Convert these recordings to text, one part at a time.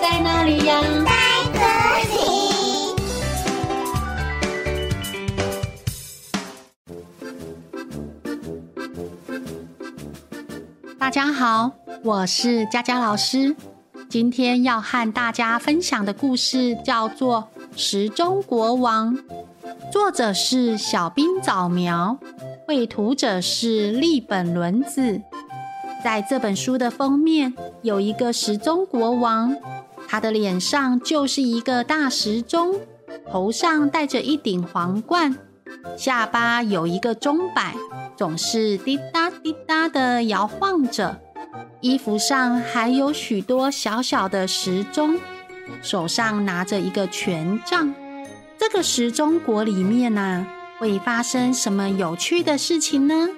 在哪裡呀？在這裡。大家好，我是佳佳老師。今天要和大家分享的故事叫做《時鐘國王》，作者是小兵早苗，繪圖者是栗本倫子。在這本書的封面有一個時鐘國王。他的臉上就是一個大時鐘，頭上戴着一頂皇冠，下巴有一個鐘擺，總是滴答滴答的搖晃着。衣服上還有許多小小的時鐘，手上拿着一個權杖。這個時鐘國裡面啊，會發生什麼有趣的事情呢？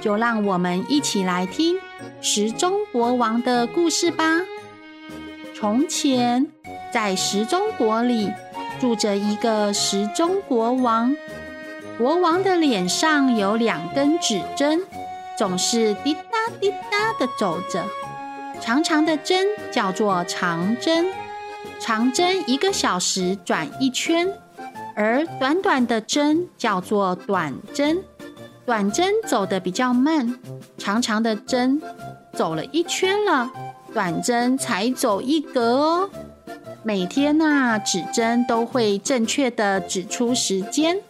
就讓我們一起來聽時鐘國王的故事吧。從前，在時鐘國裡住着一個時鐘國王。國王的臉上有兩根指針，總是滴答滴答地走着。長長的針叫做長針，長針一個小時轉一圈；而短短的針叫做短針，短針走得比較慢。長長的針走了一圈了。短針才走一格哦。每天吶、啊，指針都會正確地指出時間。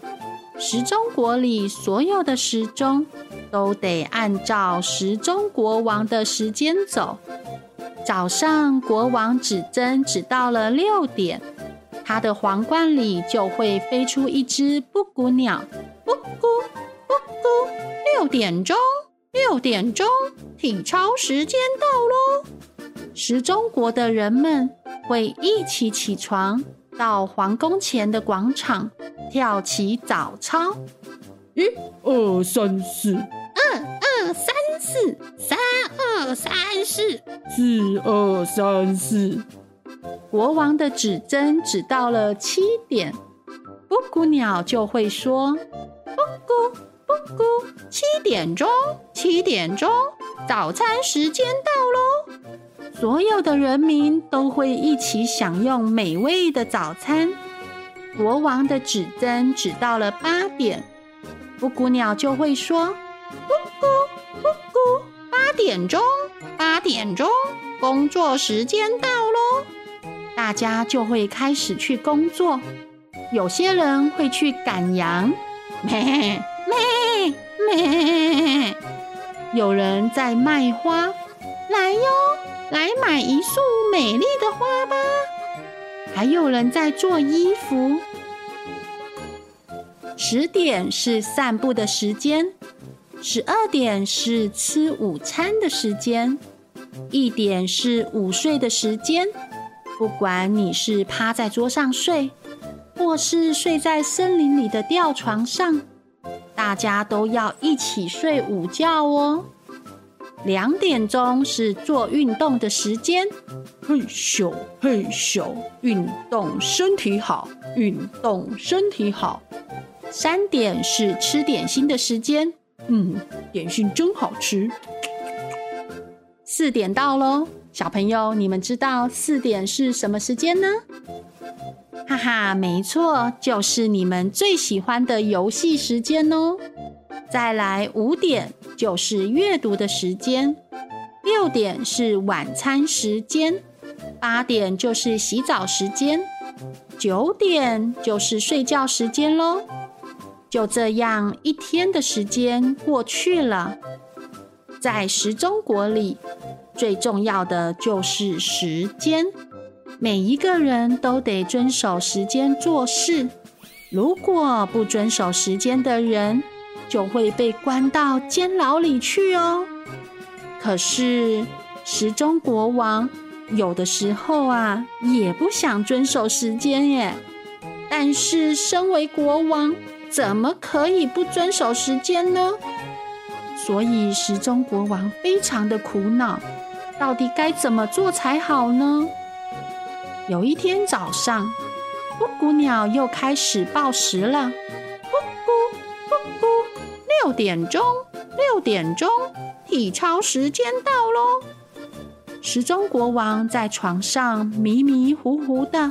時鐘國裡所有的時鐘都得按照時鐘國王的時間走。早上國王指針指到了六點，他的皇冠裡就會飛出一只布谷鳥，布谷布谷，六點鐘，六點鐘，體操時間到咯。時鐘國的人們會一起起床，到皇宮前的廣場跳起早操。一二三四，二二三四，三二三四，四二三四。國王的指針指到了七點，布谷鳥就會說：“布谷布谷，七點鐘，七點鐘，早餐時間到嘍。”所有的人民都會一起享用美味的早餐。國王的指針指到了八點，布谷鳥就會說：“咕咕咕咕，八點鐘，八點鐘，工作時間到咯！”大家就會開始去工作。有些人會去趕羊，咩咩咩。有人在賣花，來喲。來買一束美麗的花吧！還有人在做衣服。十點是散步的時間，十二點是吃午餐的時間，一點是午睡的時間。不管你是趴在桌上睡，或是睡在森林裡的吊床上，大家都要一起睡午覺哦。兩點鐘是做運動的時間，嘿咻嘿咻，運動身體好，運動身體好。三點是吃點心的時間，嗯，點心真好吃。四點到嘍，小朋友，你們知道四點是什麼時間呢？哈哈，沒錯，就是你們最喜歡的遊戲時間哦。再來五點就是閱讀的時間，六點是晚餐時間，八點就是洗澡時間，九點就是睡覺時間嘍。就這樣，一天的時間過去了。在時鐘國裡，最重要的就是時間，每一個人都得遵守時間做事。如果不遵守時間的人，就會被關到監牢裡去哦、喔。可是時鐘國王有的時候啊，也不想遵守時間耶。但是身為國王，怎麼可以不遵守時間呢？所以時鐘國王非常的苦惱，到底該怎麼做才好呢？有一天早上，布谷鳥又開始報時了。點鐘，六點鐘，體操時間到嘍。時鐘國王在床上迷迷糊糊的，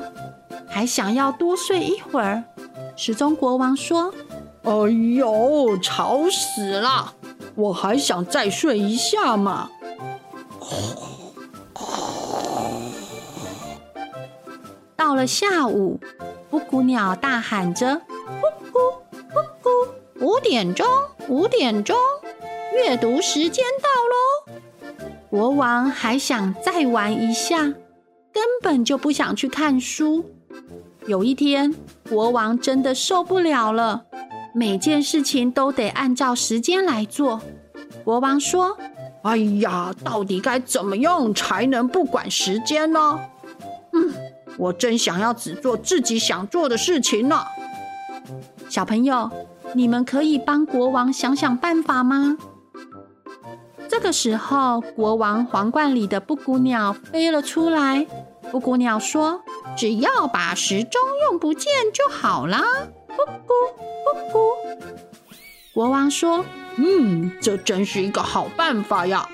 還想要多睡一會兒。時鐘國王說：“哎呦，吵死了！我還想再睡一下嘛。”到了下午，布谷鳥大喊着：“布谷布谷，五點鐘。”五點鐘，閱讀時間到嘍。國王還想再玩一下，根本就不想去看書。有一天，國王真的受不了了，每件事情都得按照時間來做。國王說：“哎呀，到底該怎麼樣才能不管時間呢？嗯，我真想要只做自己想做的事情呢。”小朋友。你們可以幫國王想想辦法嗎？這個時候，國王皇冠裡的布谷鳥飛了出來。布谷鳥說：“只要把時鐘用不見就好啦。”布谷布谷。國王說：“嗯，這真是一個好辦法呀。”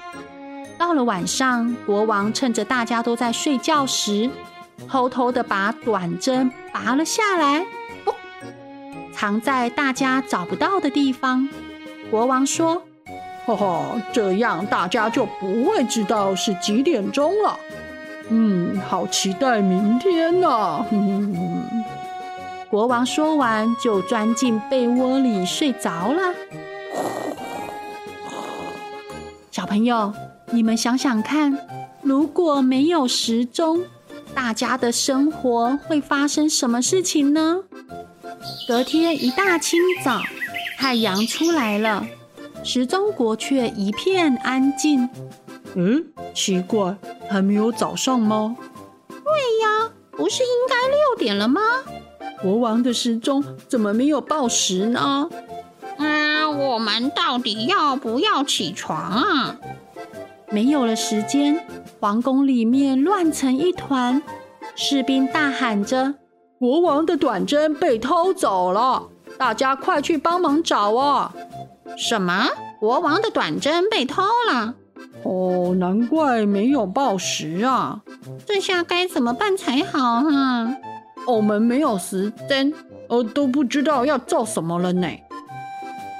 到了晚上，國王趁着大家都在睡覺時，偷偷的把短針拔了下來。藏在大家找不到的地方，國王說：“哈哈，這樣大家就不會知道是幾點鐘了。”嗯，好期待明天呢，啊，嗯。國王說完就鑽進被窩裡睡着了。小朋友，你們想想看，如果沒有時鐘，大家的生活會發生什麼事情呢？隔天一大清早，太陽出來了，時鐘國卻一片安靜。嗯，奇怪，還沒有早上嗎？對呀，不是應該六點了嗎？國王的時鐘怎麼沒有報時呢？嗯、啊，我們到底要不要起床啊？沒有了時間，皇宮裡面亂成一團，士兵大喊着。國王的短針被偷走了，大家快去幫忙找啊、哦！什麼？國王的短針被偷了？哦，難怪沒有報時啊！這下該怎麼辦才好啊？我們沒有時間，呃，都不知道要做什麼了呢。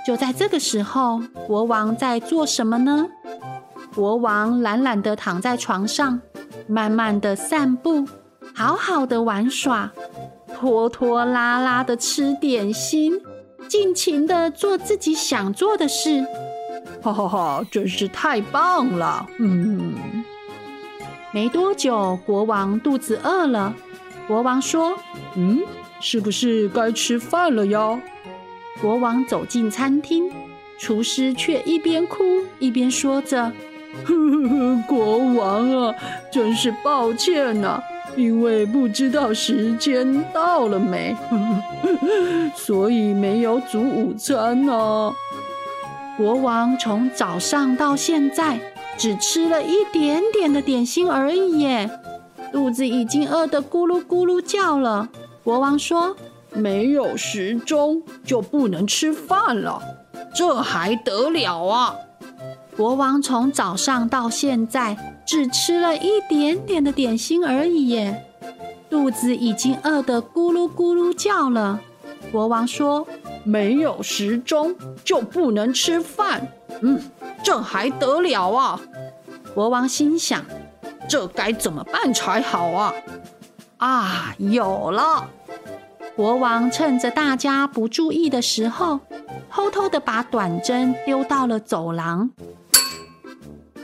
就在這個時候，國王在做什麼呢？國王懶懶的躺在床上，慢慢的散步，好好的玩耍。拖拖拉拉的吃點心，盡情的做自己想做的事，哈哈哈，真是太棒了！嗯，沒多久，國王肚子餓了。國王說：“嗯，是不是該吃飯了呀？”國王走進餐廳，廚師卻一邊哭一邊說着呵呵呵：“國王啊，真是抱歉吶、啊。”因為不知道時間到了沒，所以沒有煮午餐呢、啊。國王從早上到現在只吃了一點點的點心而已，肚子已經餓得咕嚕咕嚕叫了。國王說：“沒有時鐘就不能吃飯了，這還得了啊！”國王從早上到現在只吃了一點點的點心而已耶，肚子已經餓得咕嚕咕嚕叫了。國王說：“沒有時鐘就不能吃飯。”嗯，這還得了啊！國王心想：“這該怎麼辦才好啊？”啊，有了！國王趁着大家不注意的時候，偷偷地把短針丟到了走廊。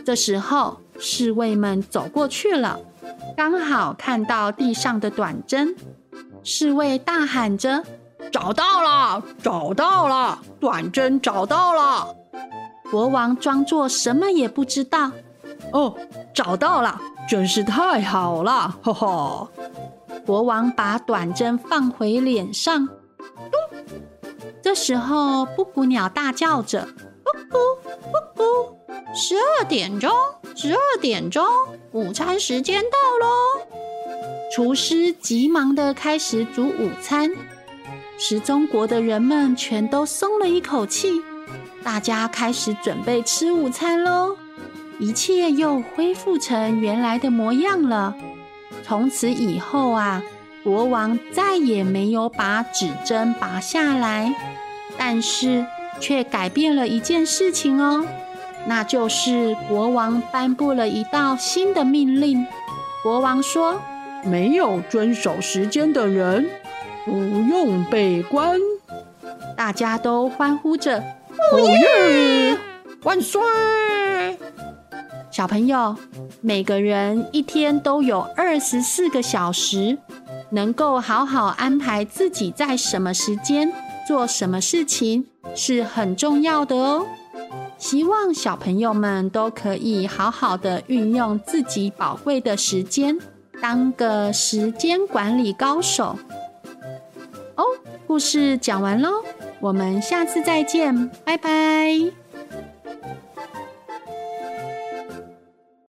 這時候，侍衛們走過去了，剛好看到地上的短針。侍衛大喊着：“找到了，找到了，短針找到了！”國王裝作什麼也不知道：“哦，找到了，真是太好了！”哈哈。國王把短針放回臉上。咚！這時候，布谷鳥大叫着：“布谷，布谷。”十二點鐘，十二點鐘，午餐時間到咯。廚師急忙地開始煮午餐，時鐘國的人們全都鬆了一口氣，大家開始準備吃午餐咯，一切又恢復成原來的模樣了。從此以後啊，國王再也沒有把指針拔下來，但是卻改變了一件事情哦。那就是國王頒布了一道新的命令。國王說：“沒有遵守時間的人，不用被關。”大家都歡呼着：“哦耶，萬歲！”小朋友，每個人一天都有二十四個小時，能夠好好安排自己在什麼時間做什麼事情，是很重要的喔。希望小朋友們都可以好好的運用自己寶貴的時間，當個時間管理高手喔。故事講完嘍，我們下次再見，拜拜。